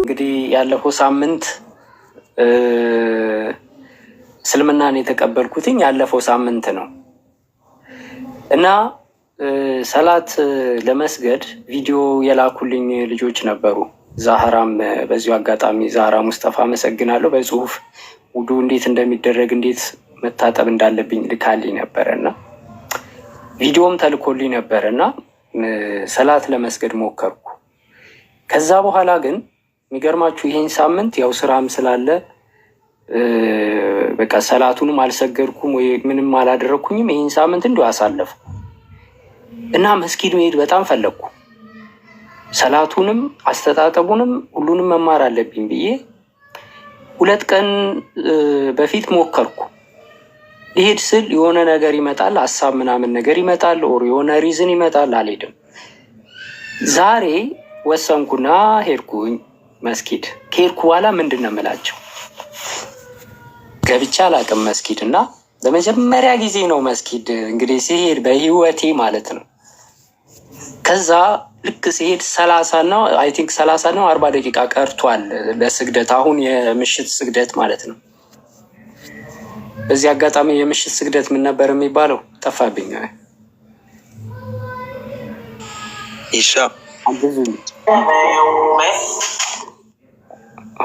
እንግዲህ ያለፈው ሳምንት እስልምናን የተቀበልኩትኝ ያለፈው ሳምንት ነው እና ሰላት ለመስገድ ቪዲዮ የላኩልኝ ልጆች ነበሩ። ዛህራም በዚሁ አጋጣሚ ዛህራ ሙስጠፋ አመሰግናለሁ። በጽሁፍ ውዱ እንዴት እንደሚደረግ እንዴት መታጠብ እንዳለብኝ ልካልኝ ነበረ እና ቪዲዮም ተልኮልኝ ነበር እና ሰላት ለመስገድ ሞከርኩ። ከዛ በኋላ ግን የሚገርማችሁ ይሄን ሳምንት ያው ስራም ስላለ በቃ ሰላቱንም አልሰገድኩም ወይ ምንም አላደረግኩኝም። ይህን ሳምንት እንዲሁ አሳለፍ እና መስጊድ መሄድ በጣም ፈለግኩ። ሰላቱንም አስተጣጠቡንም ሁሉንም መማር አለብኝ ብዬ ሁለት ቀን በፊት ሞከርኩ። ይሄድ ስል የሆነ ነገር ይመጣል፣ ሀሳብ ምናምን ነገር ይመጣል፣ ኦር የሆነ ሪዝን ይመጣል። አልሄድም። ዛሬ ወሰንኩና ሄድኩኝ መስጊድ። ከሄድኩ በኋላ ምንድን ነው የምላቸው ገብቻ አላቅም መስጊድ እና ለመጀመሪያ ጊዜ ነው መስጊድ እንግዲህ ሲሄድ በህይወቴ ማለት ነው። ከዛ ልክ ሲሄድ ሰላሳ ነው አይ ቲንክ ሰላሳ ነው አርባ ደቂቃ ቀርቷል ለስግደት አሁን የምሽት ስግደት ማለት ነው። በዚህ አጋጣሚ የምሽት ስግደት ምን ነበር የሚባለው? ጠፋብኝ። ይሻ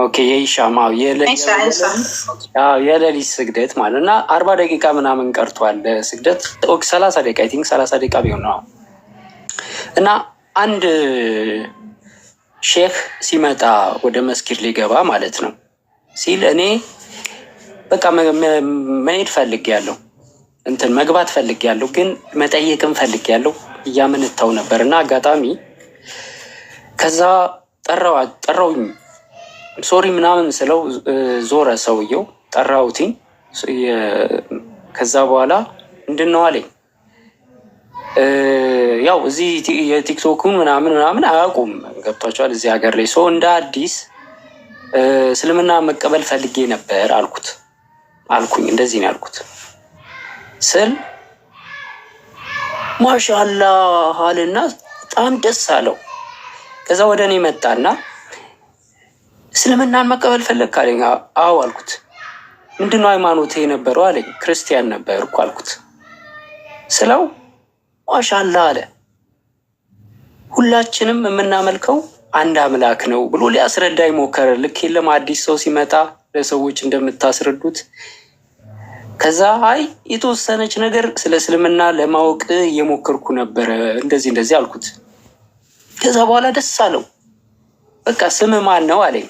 ኦኬ፣ የኢሻም የሌሊት ስግደት ማለት እና አርባ ደቂቃ ምናምን ቀርቷል ስግደት። ሰላሳ ደቂቃ አይ ቲንክ ሰላሳ ደቂቃ ቢሆን ነው እና አንድ ሼክ ሲመጣ ወደ መስጊድ ሊገባ ማለት ነው ሲል እኔ በቃ መሄድ ፈልግ ያለው እንትን መግባት ፈልግ ያለው ግን መጠየቅም ፈልግ ያለው እያምንታው ነበር እና አጋጣሚ ከዛ ጠራውኝ። ሶሪ ምናምን ስለው ዞረ ሰውየው። ጠራውቲኝ ከዛ በኋላ ምንድን ነው አለኝ። ያው እዚህ የቲክቶክን ምናምን ምናምን አያውቁም ገብቷቸዋል። እዚህ ሀገር ላይ ሰው እንደ አዲስ እስልምና መቀበል ፈልጌ ነበር አልኩት። አልኩኝ። እንደዚህ ነው ያልኩት ስል ማሻአላህ አልና በጣም ደስ አለው። ከዛ ወደ እኔ መጣና እስልምናን መቀበል ፈለግ አለኝ። አዎ አልኩት። ምንድነው ሃይማኖት የነበረው አለኝ። ክርስቲያን ነበርኩ አልኩት። ስለው ማሻላ አለ። ሁላችንም የምናመልከው አንድ አምላክ ነው ብሎ ሊያስረዳ ይሞከረ። ልክ የለም አዲስ ሰው ሲመጣ ለሰዎች እንደምታስረዱት ከዛ አይ የተወሰነች ነገር ስለ እስልምና ለማወቅ እየሞከርኩ ነበረ፣ እንደዚህ እንደዚህ አልኩት። ከዛ በኋላ ደስ አለው። በቃ ስም ማን ነው አለኝ።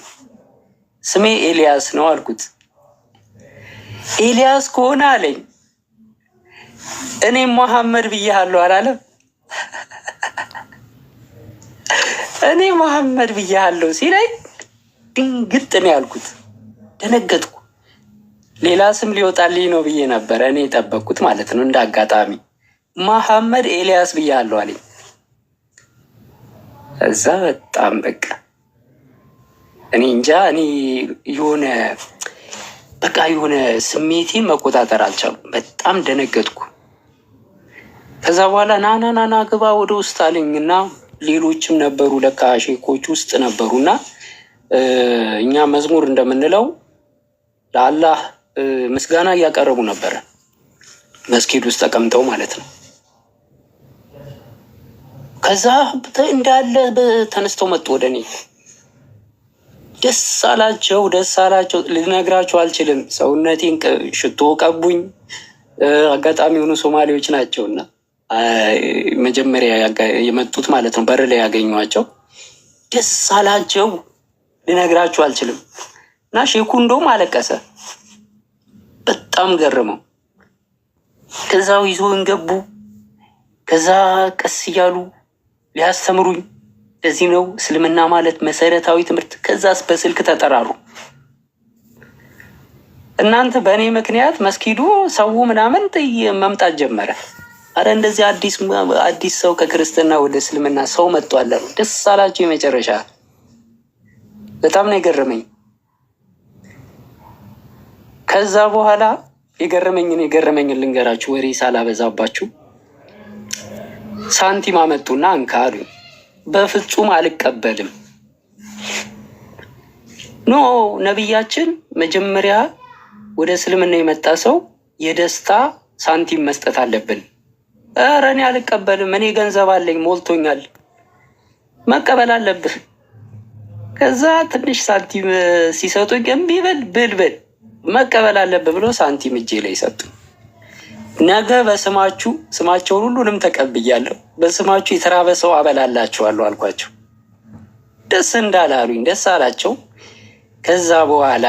ስሜ ኤልያስ ነው አልኩት። ኤልያስ ከሆነ አለኝ እኔም መሐመድ ብያሃለሁ አላለም። እኔ መሐመድ ብያሃለሁ ሲለኝ ድንግጥ ነው ያልኩት። ደነገጥኩ። ሌላ ስም ሊወጣልኝ ነው ብዬ ነበረ እኔ የጠበቅኩት ማለት ነው። እንደ አጋጣሚ መሐመድ ኤልያስ ብዬ አለው አለኝ። እዛ በጣም በቃ እኔ እንጃ እኔ የሆነ በቃ የሆነ ስሜቴ መቆጣጠር አልቻሉ። በጣም ደነገጥኩ። ከዛ በኋላ ናና ግባ ወደ ውስጥ አለኝ እና ሌሎችም ነበሩ ለካ ሼኮች ውስጥ ነበሩና እኛ መዝሙር እንደምንለው ለአላህ ምስጋና እያቀረቡ ነበረ፣ መስጊድ ውስጥ ተቀምጠው ማለት ነው። ከዛ እንዳለ ተነስተው መጡ ወደ እኔ። ደስ አላቸው፣ ደስ አላቸው። ልነግራቸው አልችልም። ሰውነቴን ሽቶ ቀቡኝ። አጋጣሚ የሆኑ ሶማሌዎች እና መጀመሪያ የመጡት ማለት ነው። በር ላይ ያገኟቸው ደስ አላቸው። ልነግራቸው አልችልም። እና ሼኩ እንደውም አለቀሰ። በጣም ገረመው። ከዛው ይዞን ገቡ። ከዛ ቀስ እያሉ ሊያስተምሩኝ ለዚህ ነው እስልምና ማለት መሰረታዊ ትምህርት። ከዛስ በስልክ ተጠራሩ። እናንተ በእኔ ምክንያት መስኪዱ ሰው ምናምን መምጣት ጀመረ። አረ እንደዚህ አዲስ አዲስ ሰው ከክርስትና ወደ እስልምና ሰው መጥቷል አሉ። ደስ አላቸው። የመጨረሻ በጣም ነው የገረመኝ። ከዛ በኋላ የገረመኝን የገረመኝን ልንገራችሁ፣ ወሬ ሳላበዛባችሁ። ሳንቲም አመጡና እንካ አሉ። በፍጹም አልቀበልም። ኖ ነቢያችን መጀመሪያ ወደ እስልምና የመጣ ሰው የደስታ ሳንቲም መስጠት አለብን። እረ እኔ አልቀበልም፣ እኔ ገንዘብ አለኝ ሞልቶኛል። መቀበል አለብህ። ከዛ ትንሽ ሳንቲም ሲሰጡኝ እምቢ በል ብል መቀበል አለብህ ብሎ ሳንቲም እጄ ላይ ሰጡ። ነገ በስማችሁ ስማቸውን ሁሉንም ተቀብያለሁ፣ በስማችሁ የተራበ ሰው አበላላችኋለሁ አልኳቸው። ደስ እንዳላሉኝ አሉኝ። ደስ አላቸው። ከዛ በኋላ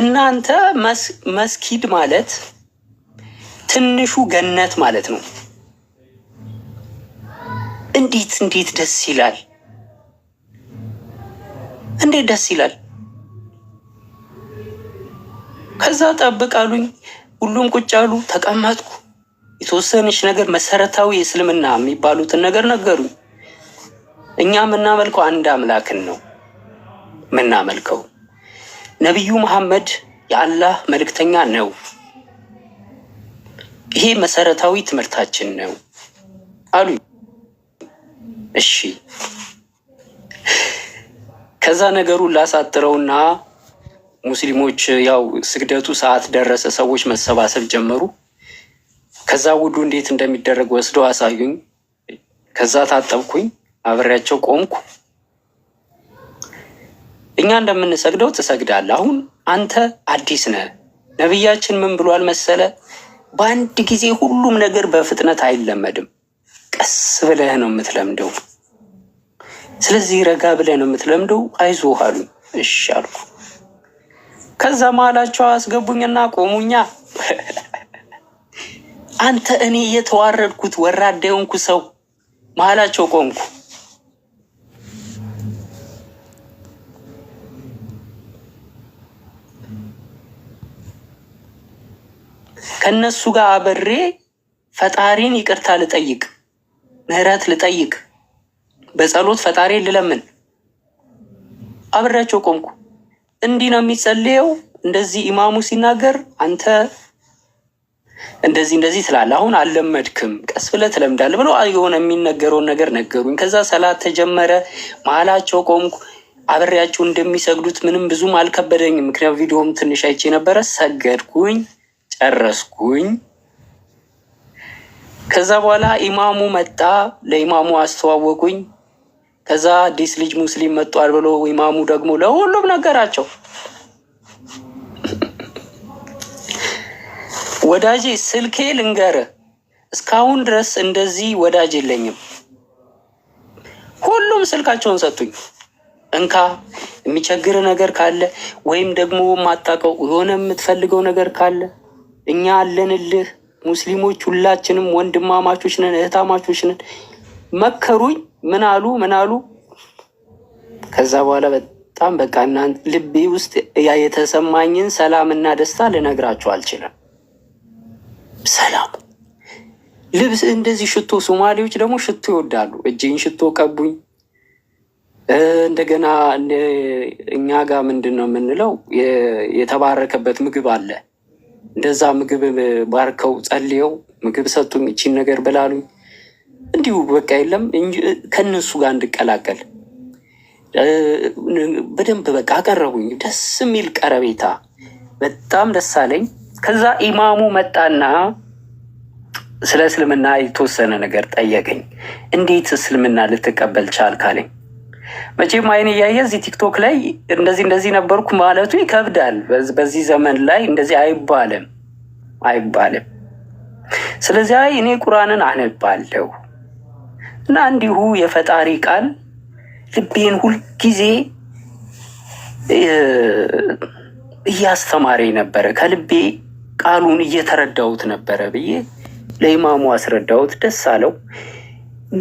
እናንተ መስኪድ ማለት ትንሹ ገነት ማለት ነው። እንዴት እንዴት ደስ ይላል! እንዴት ደስ ይላል። ከዛ ጠብቅ አሉኝ። ሁሉም ቁጭ አሉ። ተቀመጥኩ። የተወሰነች ነገር መሰረታዊ የእስልምና የሚባሉትን ነገር ነገሩኝ። እኛ የምናመልከው አንድ አምላክን ነው የምናመልከው። ነቢዩ መሐመድ የአላህ መልእክተኛ ነው። ይሄ መሰረታዊ ትምህርታችን ነው አሉኝ። እሺ ከዛ ነገሩን ላሳጥረውና ሙስሊሞች ያው ስግደቱ ሰዓት ደረሰ፣ ሰዎች መሰባሰብ ጀመሩ። ከዛ ውዱ እንዴት እንደሚደረግ ወስደው አሳዩኝ። ከዛ ታጠብኩኝ፣ አብሬያቸው ቆምኩ። እኛ እንደምንሰግደው ትሰግዳለህ። አሁን አንተ አዲስ ነህ። ነቢያችን ምን ብሏል መሰለ? በአንድ ጊዜ ሁሉም ነገር በፍጥነት አይለመድም። ቀስ ብለህ ነው የምትለምደው። ስለዚህ ረጋ ብለህ ነው የምትለምደው፣ አይዞህ አሉ። እሺ አልኩ። ከዛ መሀላቸው አስገቡኝና ቆሙኛ። አንተ እኔ የተዋረድኩት ወራዳ የሆንኩ ሰው መሀላቸው ቆምኩ። ከእነሱ ጋር አበሬ ፈጣሪን ይቅርታ ልጠይቅ፣ ምህረት ልጠይቅ በጸሎት ፈጣሪ ልለምን አብሬያቸው ቆምኩ። እንዲህ ነው የሚጸልየው። እንደዚህ ኢማሙ ሲናገር አንተ እንደዚህ እንደዚህ ትላለህ። አሁን አልለመድክም፣ ቀስ ብለህ ትለምዳለህ ብለው የሆነ የሚነገረውን ነገር ነገሩኝ። ከዛ ሰላት ተጀመረ። መሀላቸው ቆምኩ። አብሬያቸው እንደሚሰግዱት ምንም ብዙም አልከበደኝ፣ ምክንያቱ ቪዲዮም ትንሽ አይቼ ነበረ። ሰገድኩኝ፣ ጨረስኩኝ። ከዛ በኋላ ኢማሙ መጣ። ለኢማሙ አስተዋወቁኝ። ከዛ አዲስ ልጅ ሙስሊም መጧል ብሎ ኢማሙ ደግሞ ለሁሉም ነገራቸው። ወዳጄ ስልኬ ልንገር እስካሁን ድረስ እንደዚህ ወዳጅ የለኝም። ሁሉም ስልካቸውን ሰጡኝ። እንካ የሚቸግር ነገር ካለ ወይም ደግሞ የማታውቀው የሆነ የምትፈልገው ነገር ካለ እኛ አለንልህ። ሙስሊሞች ሁላችንም ወንድማማቾች ነን፣ እህታማቾች ነን። መከሩኝ። ምን አሉ ምን አሉ። ከዛ በኋላ በጣም በቃ እናንተ ልቤ ውስጥ ያ የተሰማኝን እና ደስታ ልነግራችሁ አልችልም። ሰላም ልብስ እንደዚህ ሽቶ፣ ሶማሌዎች ደግሞ ሽቶ ይወዳሉ። እጅን ሽቶ ቀቡኝ። እንደገና እኛ ጋር ምንድን ነው የምንለው? የተባረከበት ምግብ አለ። እንደዛ ምግብ ባርከው ጸልየው ምግብ ሰጡኝ። ይቺን ነገር ብላሉኝ። እንዲሁ በቃ የለም ከእነሱ ጋር እንድቀላቀል በደንብ በቃ አቀረቡኝ። ደስ የሚል ቀረቤታ በጣም ደስ አለኝ። ከዛ ኢማሙ መጣና ስለ እስልምና የተወሰነ ነገር ጠየቀኝ። እንዴት እስልምና ልትቀበል ቻልክ አለኝ። መቼም አይን እያየ እዚህ ቲክቶክ ላይ እንደዚህ እንደዚህ ነበርኩ ማለቱ ይከብዳል። በዚህ ዘመን ላይ እንደዚህ አይባልም አይባልም። ስለዚህ እኔ ቁርአንን አነባለሁ እና እንዲሁ የፈጣሪ ቃል ልቤን ሁልጊዜ እያስተማረ ነበረ። ከልቤ ቃሉን እየተረዳሁት ነበረ ብዬ ለኢማሙ አስረዳሁት። ደስ አለው።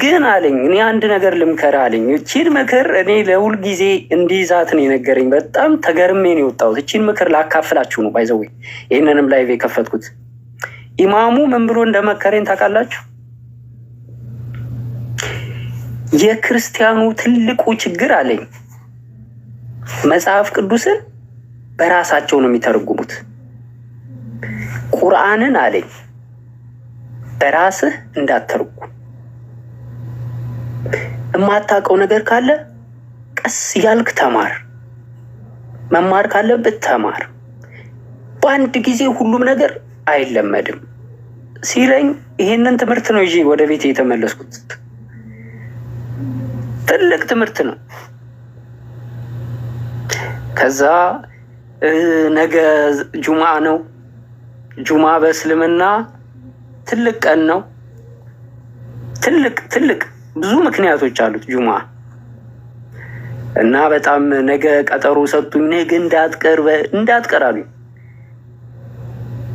ግን አለኝ እኔ አንድ ነገር ልምከር አለኝ። እቺን ምክር እኔ ለሁል ጊዜ እንዲይዛት ነው የነገረኝ። በጣም ተገርሜን የወጣሁት እቺን ምክር ላካፍላችሁ ነው። ባይዘዌ ይህንንም ላይቭ የከፈትኩት ኢማሙ ምን ብሎ እንደመከረኝ ታውቃላችሁ? የክርስቲያኑ ትልቁ ችግር አለኝ መጽሐፍ ቅዱስን በራሳቸው ነው የሚተረጉሙት። ቁርአንን አለኝ በራስህ እንዳትተርጉም። የማታውቀው ነገር ካለ ቀስ ያልክ ተማር፣ መማር ካለበት ተማር። በአንድ ጊዜ ሁሉም ነገር አይለመድም ሲለኝ ይህንን ትምህርት ነው ይዤ ወደ ቤት የተመለስኩት። ትልቅ ትምህርት ነው። ከዛ ነገ ጁማ ነው። ጁማ በእስልምና ትልቅ ቀን ነው። ትልቅ ትልቅ ብዙ ምክንያቶች አሉት ጁማ እና በጣም ነገ ቀጠሮ ሰጡኝ፣ ነገ እንዳትቀር እንዳትቀር አሉኝ።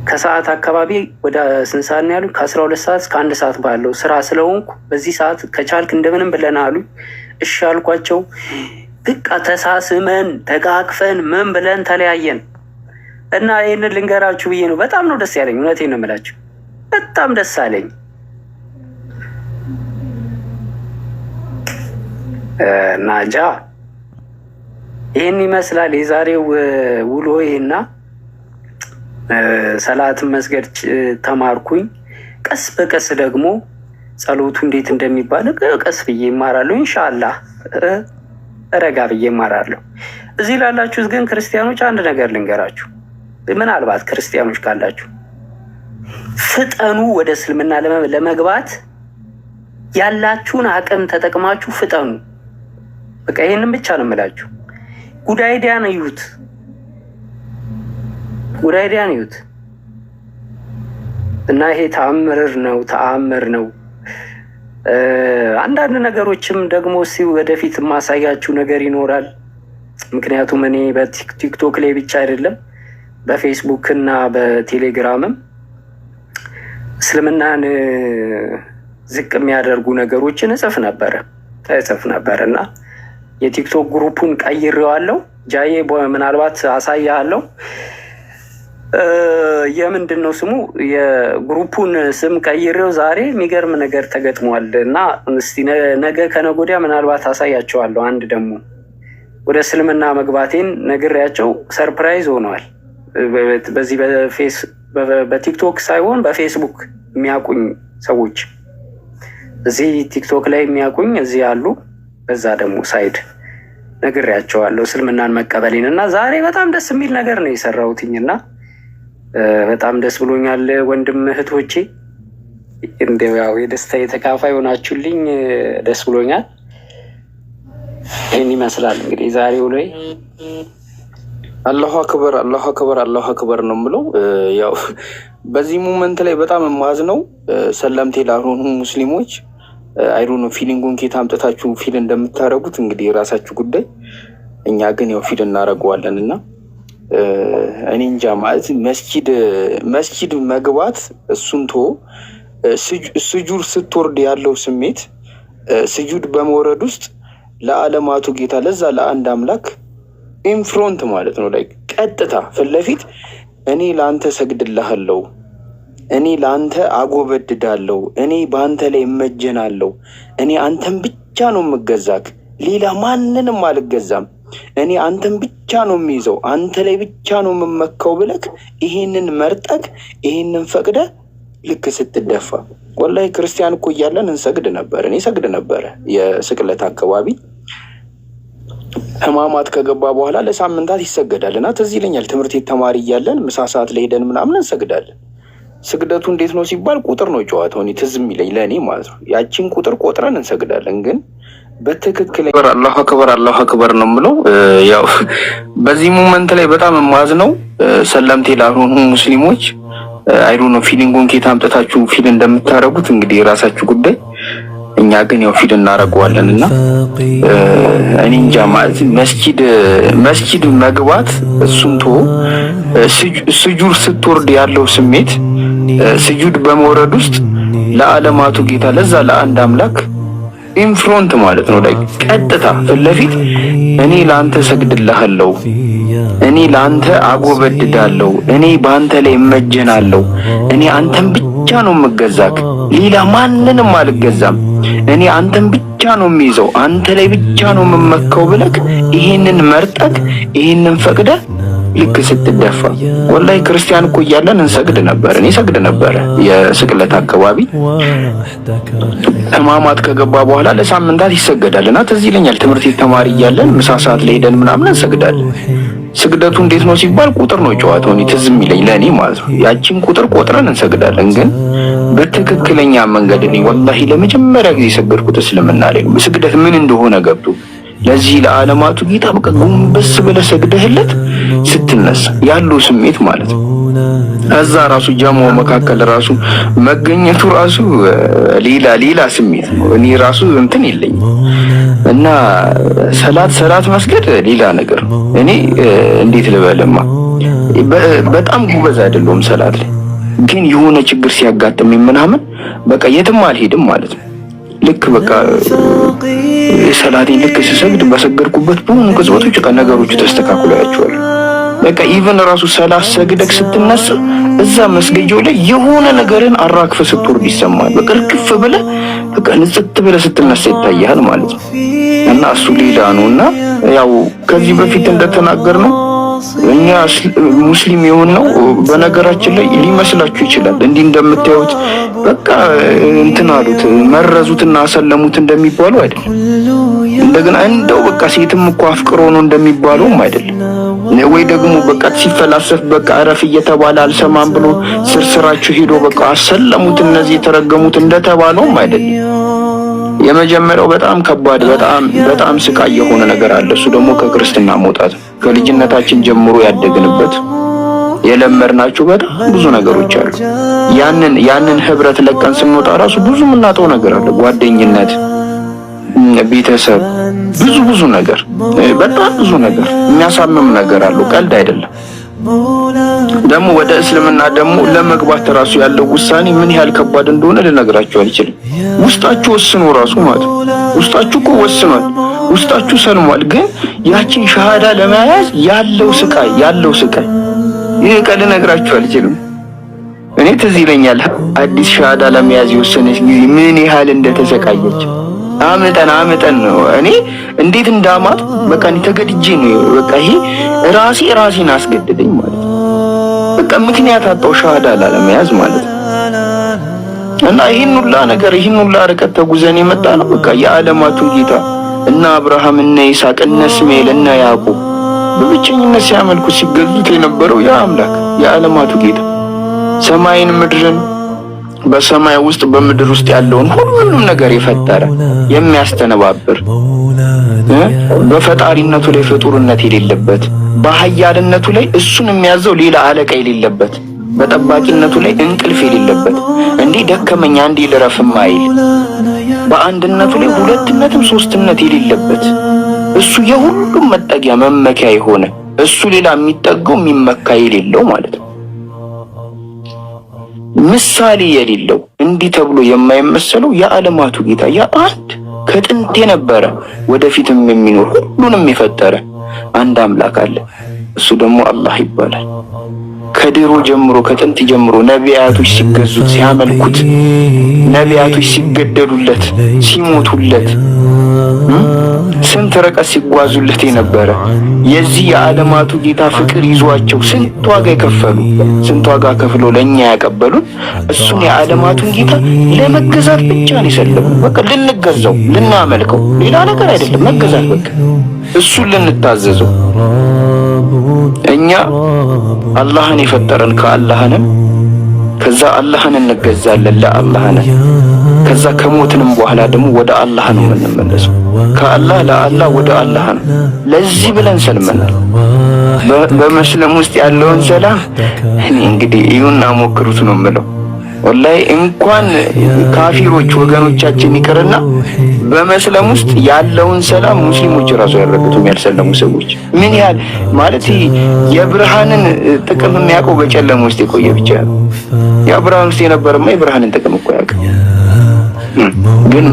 ከሰዓት አካባቢ ወደ ስንት ሰዓት ነው ያሉኝ? ከአስራ ሁለት ሰዓት እስከ አንድ ሰዓት ባለው ስራ ስለሆንኩ በዚህ ሰዓት ከቻልክ እንደምንም ብለን አሉ እሺ አልኳቸው። በቃ ተሳስመን ተቃቅፈን ምን ብለን ተለያየን እና ይህንን ልንገራችሁ ብዬ ነው። በጣም ነው ደስ ያለኝ። እውነቴን ነው የምላችሁ፣ በጣም ደስ አለኝ። ናጃ ይህን ይመስላል የዛሬው ውሎ ይህና ሰላትን መስገድ ተማርኩኝ። ቀስ በቀስ ደግሞ ጸሎቱ እንዴት እንደሚባል ቀስ ብዬ ይማራለሁ። እንሻላ ረጋ ብዬ ይማራለሁ። እዚህ ላላችሁት ግን ክርስቲያኖች አንድ ነገር ልንገራችሁ። ምናልባት ክርስቲያኖች ካላችሁ ፍጠኑ፣ ወደ እስልምና ለመግባት ያላችሁን አቅም ተጠቅማችሁ ፍጠኑ። በቃ ይህንን ብቻ ነው የምላችሁ። ጉዳይ ዲያን እዩት። ጉድ አይዲያን ይዩት እና ይሄ ተአምር ነው፣ ተአምር ነው። አንዳንድ ነገሮችም ደግሞ እስኪ ወደፊት የማሳያችሁ ነገር ይኖራል። ምክንያቱም እኔ በቲክቶክ ላይ ብቻ አይደለም በፌስቡክ እና በቴሌግራምም እስልምናን ዝቅ የሚያደርጉ ነገሮችን እጽፍ ነበረ እጽፍ ነበር እና የቲክቶክ ግሩፑን ቀይሬዋለሁ። ጃዬ ምናልባት አሳያለሁ። የምንድን ነው ስሙ የግሩፑን ስም ቀይሬው ዛሬ የሚገርም ነገር ተገጥሟል እና እስኪ ነገ ከነጎዲያ ምናልባት አሳያቸዋለሁ። አንድ ደግሞ ወደ እስልምና መግባቴን ነግሬያቸው ሰርፕራይዝ ሆነዋል። በዚህ በቲክቶክ ሳይሆን በፌስቡክ የሚያውቁኝ ሰዎች እዚህ ቲክቶክ ላይ የሚያውቁኝ እዚህ አሉ። በዛ ደግሞ ሳይድ ነግሬያቸዋለሁ እስልምናን መቀበሌን እና ዛሬ በጣም ደስ የሚል ነገር ነው የሰራሁትኝ እና በጣም ደስ ብሎኛል። ወንድም እህቶቼ እንደው ያው የደስታ የተካፋይ ሆናችሁልኝ ደስ ብሎኛል። ይህን ይመስላል እንግዲህ ዛሬው ላይ አላሁ አክበር አላሁ አክበር አላሁ አክበር ነው የምለው። ያው በዚህ ሙመንት ላይ በጣም የማዝ ነው ሰለምቴ ላልሆኑ ሙስሊሞች አይሮኑ ፊሊንጉን ኬት አምጥታችሁ ፊል እንደምታደርጉት እንግዲህ የራሳችሁ ጉዳይ። እኛ ግን ያው ፊል እናደርገዋለን እና እኔ እንጃ ማለት መስኪድ መስኪድ መግባት እሱን ቶ ስጁድ ስትወርድ ያለው ስሜት ስጁድ በመውረድ ውስጥ ለዓለማቱ ጌታ ለዛ ለአንድ አምላክ ኢንፍሮንት ማለት ነው ላይ ቀጥታ ፊት ለፊት እኔ ለአንተ ሰግድላህለው እኔ ለአንተ አጎበድዳለው እኔ በአንተ ላይ እመጀናለሁ፣ እኔ አንተን ብቻ ነው የምገዛክ፣ ሌላ ማንንም አልገዛም። እኔ አንተን ብቻ ነው የሚይዘው አንተ ላይ ብቻ ነው የምመካው ብለክ ይሄንን መርጠክ ይሄንን ፈቅደ ልክ ስትደፋ ወላሂ ክርስቲያን እኮ እያለን እንሰግድ ነበር። እኔ ሰግድ ነበረ። የስቅለት አካባቢ ህማማት ከገባ በኋላ ለሳምንታት ይሰገዳል እና ትዝ ይለኛል ትምህርት ቤት ተማሪ እያለን ምሳ ሰዓት ለሄደን ምናምን እንሰግዳለን። ስግደቱ እንዴት ነው ሲባል ቁጥር ነው ጨዋታው። እኔ ትዝ የሚለኝ ለእኔ ማለት ነው ያቺን ቁጥር ቆጥረን እንሰግዳለን ግን በትክክል አላሁ አክበር አላሁ አክበር ነው የምለው። ያው በዚህ ሞመንት ላይ በጣም የማዝ ነው ሰለምቴ ላልሆኑ ሙስሊሞች አይዶ ነው ፊሊንጉን ኬት አምጥታችሁ ፊል እንደምታደርጉት እንግዲህ የራሳችሁ ጉዳይ። እኛ ግን ያው ፊል እናደርገዋለን እና እኔ እንጃ ማለት መስጂድ መስጂድ መግባት እሱን ቶ ስጁድ ስትወርድ ያለው ስሜት ስጁድ በመውረድ ውስጥ ለዓለማቱ ጌታ ለዛ ለአንድ አምላክ ኢንፍሮንት ማለት ነው ላይ ቀጥታ ፊት ለፊት እኔ ለአንተ ሰግድልሃለሁ፣ እኔ ለአንተ አጎበድዳለሁ፣ እኔ በአንተ ላይ እመጀናለሁ፣ እኔ አንተን ብቻ ነው የምገዛክ፣ ሌላ ማንንም አልገዛም፣ እኔ አንተን ብቻ ነው የሚይዘው፣ አንተ ላይ ብቻ ነው የምመካው ብለክ ይሄንን መርጠክ ይሄንን ፈቅደ ልክ ስትደፋ ወላሂ ክርስቲያን እኮ እያለን እንሰግድ ነበር። እኔ ሰግድ ነበረ። የስቅለት አካባቢ ህማማት ከገባ በኋላ ለሳምንታት ይሰገዳል እና ትዝ ይለኛል ትምህርት ቤት ተማሪ እያለን ምሳ ሰዓት ለሄደን ምናምን እንሰግዳለን። ስግደቱ እንዴት ነው ሲባል ቁጥር ነው ጨዋታው። እኔ ትዝ የሚለኝ ለእኔ ማለት ነው ያቺን ቁጥር ቆጥረን እንሰግዳለን። ግን በትክክለኛ መንገድ እኔ ወላሂ ለመጀመሪያ ጊዜ የሰገድኩት እስልምና ላይ ስግደት ምን እንደሆነ ገብቶ ለዚህ ለዓለማቱ ጌታ በቃ ጎንበስ ብለህ ሰግደህለት ስትነሳ ያለው ስሜት ማለት ነው። እዛ ራሱ ጀማው መካከል ራሱ መገኘቱ ራሱ ሌላ ሌላ ስሜት ነው። እኔ ራሱ እንትን የለኝም እና ሰላት ሰላት መስገድ ሌላ ነገር ነው። እኔ እንዴት ልበልማ በጣም ጉበዝ አይደለሁም ሰላት ላይ ግን የሆነ ችግር ሲያጋጥመኝ ምናምን በቃ የትም አልሄድም ማለት ነው። ልክ በቃ የሰላቴ ልክ ሲሰግድ በሰገድኩበት በሆኑ ቅጽበቶች ቃ ነገሮቹ ተስተካክሎ ያቸዋል። በቃ ኢቨን ራሱ ሰላ ሰግደክ ስትነሳ እዛ መስገጃው ላይ የሆነ ነገርን አራክፈ ስትወርድ ይሰማል። በቃ እርግፍ ብለ በቃ ንጽት ብለ ስትነሳ ይታያል ማለት ነው እና እሱ ሌላ ነው እና ያው ከዚህ በፊት እንደተናገር ነው እኛ ሙስሊም የሆን ነው። በነገራችን ላይ ሊመስላችሁ ይችላል። እንዲህ እንደምታዩት በቃ እንትን አሉት መረዙትና አሰለሙት እንደሚባለው አይደለም። እንደገና እንደው በቃ ሴትም እኮ አፍቅሮ ነው እንደሚባለውም አይደለም። ወይ ደግሞ በቃ ሲፈላሰፍ በቃ እረፍ እየተባለ አልሰማም ብሎ ስርስራችሁ ሄዶ በቃ አሰለሙት እነዚህ የተረገሙት እንደተባለውም አይደለም። የመጀመሪያው በጣም ከባድ በጣም በጣም ስቃይ የሆነ ነገር አለ። እሱ ደግሞ ከክርስትና መውጣት ነው። ከልጅነታችን ጀምሮ ያደግንበት የለመድናቸው በጣም ብዙ ነገሮች አሉ። ያንን ያንን ህብረት ለቀን ስንወጣ ራሱ ብዙ የምናጠው ነገር አለ። ጓደኝነት፣ ቤተሰብ፣ ብዙ ብዙ ነገር በጣም ብዙ ነገር የሚያሳምም ነገር አለው። ቀልድ አይደለም። ደግሞ ወደ እስልምና ደግሞ ለመግባት ራሱ ያለው ውሳኔ ምን ያህል ከባድ እንደሆነ ልነግራችሁ አልችልም። ውስጣችሁ ወስኖ ራሱ ማለት ውስጣችሁ እኮ ወስኗል። ውስጣችሁ ሰልሟል። ግን ያችን ሻሃዳ ለመያዝ ያለው ስቃይ ያለው ስቃይ ይሄ ቀን ልነግራችሁ አልችልም። እኔ ትዝ ይለኛል አዲስ ሻሃዳ ለመያዝ የወሰነች ጊዜ ምን ያህል እንደተሰቃየች አመጠን አመጠን ነው እኔ እንዴት እንዳማት በቃ ተገድጄ ነው በቃ ይሄ ራሴ ራሴን አስገደደኝ ማለት በቃ ምክንያት አጣው ሻሃዳ ላለመያዝ ማለት ነው። እና ይህን ሁላ ነገር ይህን ሁላ ርቀት ተጉዘን የመጣ ነው በቃ የዓለማቱ ጌታ እነ አብርሃም እነ ይስሐቅ እነ እስማኤል እነ ያዕቆብ በብቸኝነት ሲያመልኩ ሲገዙት የነበረው ያ አምላክ የዓለማቱ ጌታ ሰማይን ምድርን በሰማይ ውስጥ በምድር ውስጥ ያለውን ሁሉንም ነገር የፈጠረ የሚያስተነባብር በፈጣሪነቱ ላይ ፍጡርነት የሌለበት በኃያልነቱ ላይ እሱን የሚያዘው ሌላ አለቃ የሌለበት በጠባቂነቱ ላይ እንቅልፍ የሌለበት እንዲህ ደከመኛ አንዴ ልረፍም አይል በአንድነቱ ላይ ሁለትነትም ሶስትነት የሌለበት እሱ የሁሉም መጠጊያ መመኪያ የሆነ እሱ ሌላ የሚጠገው የሚመካ የሌለው ማለት ነው። ምሳሌ የሌለው እንዲህ ተብሎ የማይመሰለው የዓለማቱ ጌታ አንድ ከጥንት የነበረ ወደፊትም የሚኖር ሁሉንም የፈጠረ አንድ አምላክ አለ። እሱ ደግሞ አላህ ይባላል። ከድሮ ጀምሮ ከጥንት ጀምሮ ነቢያቶች ሲገዙት፣ ሲያመልኩት፣ ነቢያቶች ሲገደሉለት፣ ሲሞቱለት፣ ስንት ርቀት ሲጓዙለት የነበረ የዚህ የዓለማቱ ጌታ ፍቅር ይዟቸው ስንት ዋጋ የከፈሉ ስንት ዋጋ ከፍሎ ለእኛ ያቀበሉን እሱን የዓለማቱን ጌታ ለመገዛት ብቻ ነው የሰለሙ። በቃ ልንገዛው፣ ልናመልከው፣ ሌላ ነገር አይደለም። መገዛት በቃ እሱን ልንታዘዘው እኛ አላህን የፈጠረን ከአላህንም ከዛ አላህን እንገዛለን ለአላህን ከዛ ከሞትንም በኋላ ደግሞ ወደ አላህ ነው የምንመለሰው። ከአላህ ለአላህ ወደ አላህ ነው። ለዚህ ብለን ሰልመናል። በመስለም ውስጥ ያለውን ሰላም እኔ እንግዲህ እዩና ሞክሩት ነው የምለው። ወላይ እንኳን ካፊሮች ወገኖቻችን ይቅርና በመስለም ውስጥ ያለውን ሰላም ሙስሊሞች ራሱ ያረግቱም ያልሰለሙ ሰዎች ምን ያህል ማለት የብርሃንን ጥቅም የሚያውቀው በጨለማ ውስጥ የቆየ ብቻ ነው። ያ ብርሃን ውስጥ የነበረማ የብርሃንን ጥቅም እኮ ያውቅ፣ ግን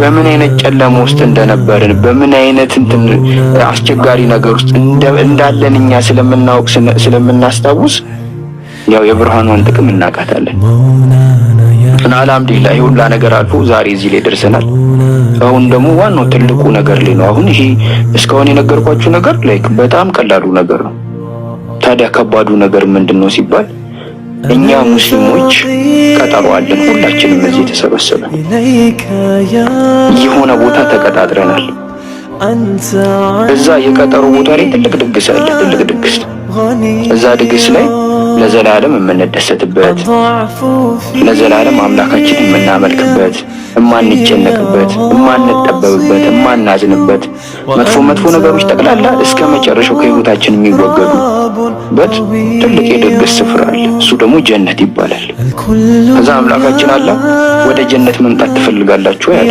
በምን አይነት ጨለማ ውስጥ እንደነበርን በምን አይነት እንትን አስቸጋሪ ነገር ውስጥ እንዳለን እኛ ስለምናውቅ ስለምናስታውስ ያው የብርሃኗን ጥቅም እናውቃታለን። እና አልሐምዱሊላህ ይህ ሁላ ነገር አልፎ ዛሬ እዚህ ላይ ደርሰናል። አሁን ደግሞ ዋናው ትልቁ ነገር ላይ ነው። አሁን ይሄ እስካሁን የነገርኳችሁ ነገር ላይክ በጣም ቀላሉ ነገር ነው። ታዲያ ከባዱ ነገር ምንድን ነው ሲባል እኛ ሙስሊሞች ቀጠሮ አለን። ሁላችንም እዚህ ተሰበሰበ የሆነ ቦታ ተቀጣጥረናል። እዛ የቀጠሮ ቦታ ላይ ትልቅ ድግስ አለ። ትልቅ ድግስ እዛ ድግስ ላይ ለዘላለም የምንደሰትበት ለዘላለም አምላካችን የምናመልክበት የማንጨነቅበት የማንጠበብበት የማናዝንበት መጥፎ መጥፎ ነገሮች ጠቅላላ እስከ መጨረሻው ከህይወታችን የሚወገዱበት ትልቅ የድግስ ስፍራ አለ። እሱ ደግሞ ጀነት ይባላል። እዛ አምላካችን አለ ወደ ጀነት መምጣት ትፈልጋላችሁ ያለ፣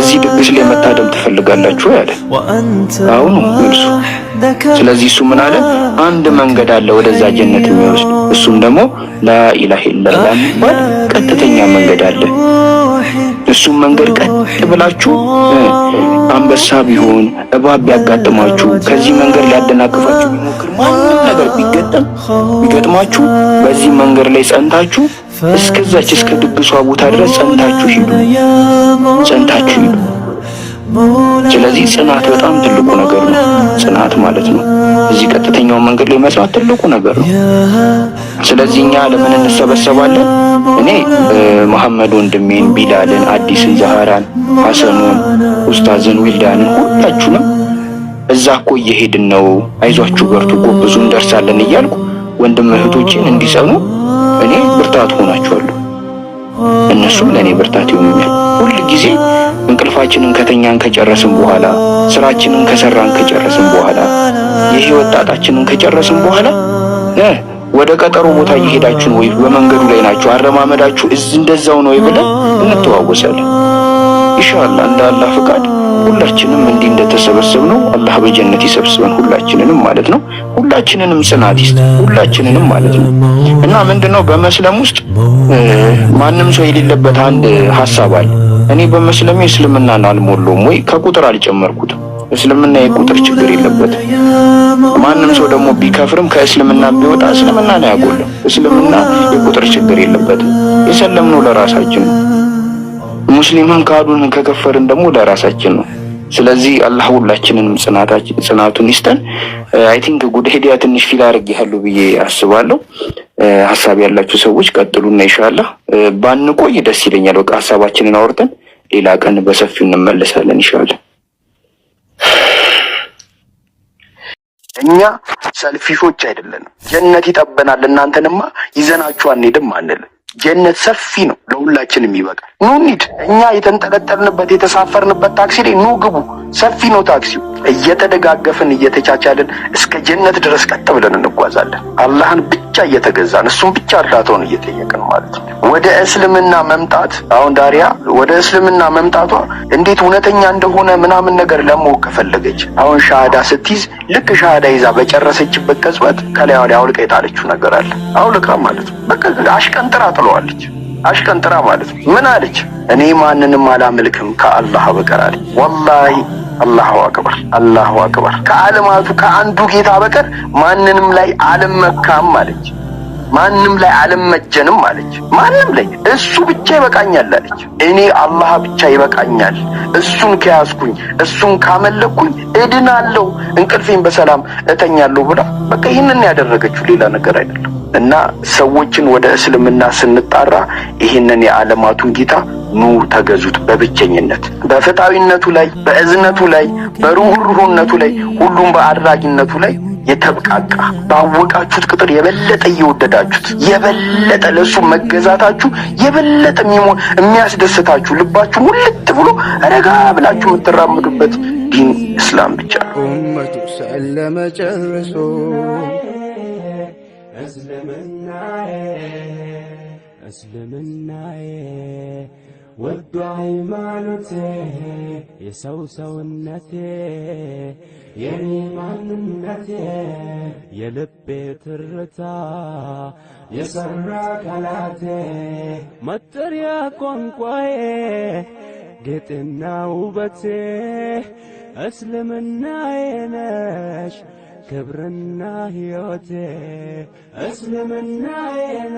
እዚህ ድግስ ላይ መታደም ትፈልጋላችሁ ያለ አሁን መልሱ ስለዚህ እሱ ምን አለ? አንድ መንገድ አለ ወደዛ ጀነት የሚወስድ እሱም ደግሞ ላኢላህ ኢላላ የሚባል ቀጥተኛ መንገድ አለ። እሱም መንገድ ቀጥ ብላችሁ አንበሳ ቢሆን እባብ ቢያጋጥማችሁ ከዚህ መንገድ ሊያደናቅፋችሁ ቢሞክር ማንም ነገር ቢገጠም ቢገጥማችሁ በዚህ መንገድ ላይ ጸንታችሁ እስከዛች እስከ ድግሷ ቦታ ድረስ ጸንታችሁ ሂዱ፣ ጸንታችሁ ሂዱ። ስለዚህ ጽናት በጣም ትልቁ ነገር ነው። ጽናት ማለት ነው እዚህ ቀጥተኛውን መንገድ ላይ መስራት ትልቁ ነገር ነው። ስለዚህ እኛ ለምን እንሰበሰባለን? እኔ መሐመድ ወንድሜን፣ ቢላልን፣ አዲስን፣ ዘሃራን፣ ሐሰኑን፣ ኡስታዝን፣ ዊልዳንን ሁላችሁንም እዛ እኮ እየሄድን ነው፣ አይዟችሁ፣ በርቱ፣ ጎብዙ፣ እንደርሳለን እያልኩ ወንድም እህቶችን እንዲጸኑ እኔ ብርታት ሆናችኋለሁ። እነሱም ለእኔ ብርታት ይሆኑኛል ሁል ጊዜ እንቅልፋችንን ከተኛን ከጨረስን በኋላ ስራችንን ከሰራን ከጨረስን በኋላ ይህ ወጣታችንን ከጨረስን በኋላ ወደ ቀጠሮ ቦታ እየሄዳችሁ ወይ በመንገዱ ላይ ናችሁ፣ አረማመዳችሁ እዚህ እንደዛው ነው ብለን እንተዋወሳለን። ኢንሻአላህ እንደ አላህ ፍቃድ ሁላችንም እንዲህ ነው አላህ በጀነት ይሰብስበን ሁላችንንም ማለት ነው። ሁላችንንም ጽናት ይስጥ ሁላችንንም ማለት ነው። እና ምንድነው በመስለም ውስጥ ማንም ሰው የሌለበት አንድ ሀሳብ አለ። እኔ በመስለሜ እስልምናን አልሞላውም ወይ ከቁጥር አልጨመርኩትም። እስልምና የቁጥር ችግር የለበትም። ማንም ሰው ደግሞ ቢከፍርም ከእስልምና ቢወጣ እስልምናን አያጎልም። እስልምና የቁጥር ችግር የለበትም። የሰለምነው ለራሳችን ነው። ሙስሊምን ካሉን ከከፈርን ደግሞ ለራሳችን ነው። ስለዚህ አላህ ሁላችንንም ጽናቱን ይስጠን። አይ ቲንክ ጉድ ሄዲያ ትንሽ ፊል አድርጌያለሁ ብዬ አስባለሁ። ሀሳብ ያላችሁ ሰዎች ቀጥሉና ኢንሻላህ ባንቆይ ደስ ይለኛል። በቃ ሀሳባችንን አውርተን ሌላ ቀን በሰፊው እንመለሳለን ኢንሻላህ። እኛ ሰልፊሾች አይደለንም፣ ጀነት ይጠበናል። እናንተንማ ይዘናችሁ አንሄድም አንልም ጀነት ሰፊ ነው፣ ለሁላችን የሚበቃ ኑ እንሂድ። እኛ የተንጠለጠልንበት የተሳፈርንበት ታክሲ ላይ ኑ ግቡ፣ ሰፊ ነው ታክሲው። እየተደጋገፍን እየተቻቻልን እስከ ጀነት ድረስ ቀጥ ብለን እንጓዛለን። አላህን ብቻ እየተገዛን እሱም ብቻ እርዳታውን እየጠየቅን ማለት ነው። ወደ እስልምና መምጣት አሁን ዳሪያ ወደ እስልምና መምጣቷ እንዴት እውነተኛ እንደሆነ ምናምን ነገር ለማወቅ ከፈለገች አሁን ሻሃዳ ስትይዝ ልክ ሻሃዳ ይዛ በጨረሰችበት ቅጽበት ከላይ ላይ አውልቃ የጣለችው ነገር አለ። አውልቃ ማለት ነው በቃ አሽቀንጥራት ትለዋለች። አሽቀንጥራ ማለት ነው። ምን አለች? እኔ ማንንም አላመልክም ከአላህ በቀር አለች። ወላሂ አላሁ አክበር አላሁ አክበር፣ ከዓለማቱ ከአንዱ ጌታ በቀር ማንንም ላይ አልመካም አለች። ማንም ላይ አልመጀንም አለች። ማንም ላይ እሱ ብቻ ይበቃኛል አለች። እኔ አላህ ብቻ ይበቃኛል፣ እሱን ከያዝኩኝ፣ እሱን ካመለኩኝ እድናለሁ፣ እንቅልፌን በሰላም እተኛለሁ ብላ በቃ ይህንን ያደረገችው ሌላ ነገር አይደለም። እና ሰዎችን ወደ እስልምና ስንጣራ ይህንን የዓለማቱን ጌታ ኑ ተገዙት። በብቸኝነት በፍትሐዊነቱ ላይ፣ በእዝነቱ ላይ፣ በሩህሩህነቱ ላይ፣ ሁሉም በአድራጊነቱ ላይ የተብቃቃ ባወቃችሁት ቁጥር የበለጠ እየወደዳችሁት የበለጠ ለእሱ መገዛታችሁ የበለጠ የሚሞን የሚያስደስታችሁ ልባችሁ ሁልት ብሎ ረጋ ብላችሁ የምትራምዱበት ዲን እስላም ብቻ ነው። እስልምናዬ እስልምናዬ ወዶ ሃይማኖቴ የሰው ሰውነቴ የኔ ማንነቴ የልቤ ትርታ የሰራ ቃላቴ መጠሪያ ቋንቋዬ ጌጤና ውበቴ እስልምናዬ ነሽ ክብርና ሕይወቴ እስልምናዬ